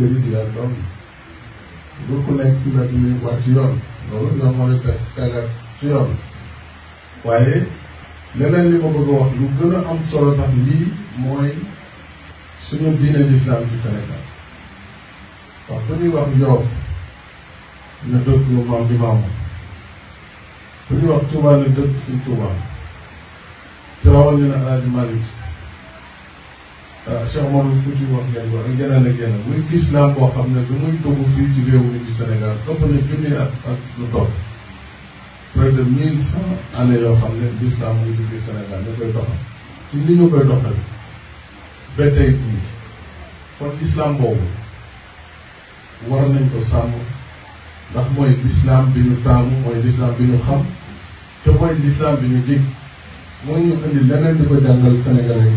début di leen doon bu ku nekk fi nag ñu wàcc yoon loolu ci yoon waaye leneen li ma bëgg a wax lu gën am solo sax lii mooy suñu diine lislaam ci Sénégal wax bu ñuy wax Yoof ñu dëkk maam di maamu bu ñuy wax Touba ñu dëkk suñ Touba teewal ñu ne Alaaji Malick Ah, Cheikh Oumar Fouti wax ngeen ko ak geneen ak geneen muy islam boo xam ne lu muy dugg fii ci réew mi di Sénégal ëpp na junni ak ak lu topp près de mille cent années yoo xam ne l'islam muy dugg Sénégal ñu koy doxal ci ni ñu koy doxal ba tey jii kon islam boobu war nañ ko sàmm ndax mooy l'islam bi ñu taamu mooy l'islam bi ñu xam te mooy l'islam bi ñu jig mooy ñu indi leneen di ko senegal Sénégalais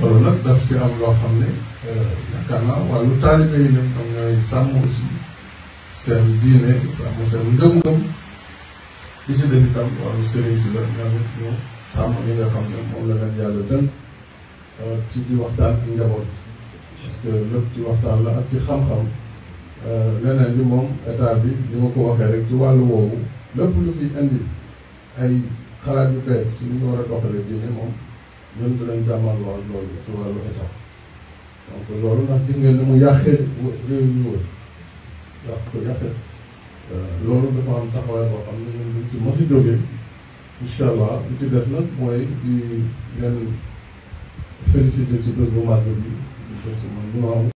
loolu nag daf fi am loo xam ne euh, yaakaar naa wàllu taalibe yi nag ñoom ñooy sàmm aussi seen diine sàmm seen ngëm-ngëm li si des itam wàllu sëriñ si la ñoom it ñu sàmm li nga xam ne moom la leen yàlla dënk euh, ci di waxtaan ci njaboot parce que ci waxtaan la ak ci xam-xam euh, leneen li moom état bi li ma ko waxee rek ci wàll woowu lépp lu fi indi ay xalaat yu bees yu ñu war a doxalee diine moom ñun dinañ jàmmarloo ak loolu ci wàllu état donc loolu nag di ngeen ni mu yàqee réew ñu wër yàq ko yàqee euh, loolu dafa am taxawaay boo xam ne ñun duñ si mos a jógee incha allah li ci des nag mooy di leen félicité ci bés bu màgg bi di bés bu ñaaw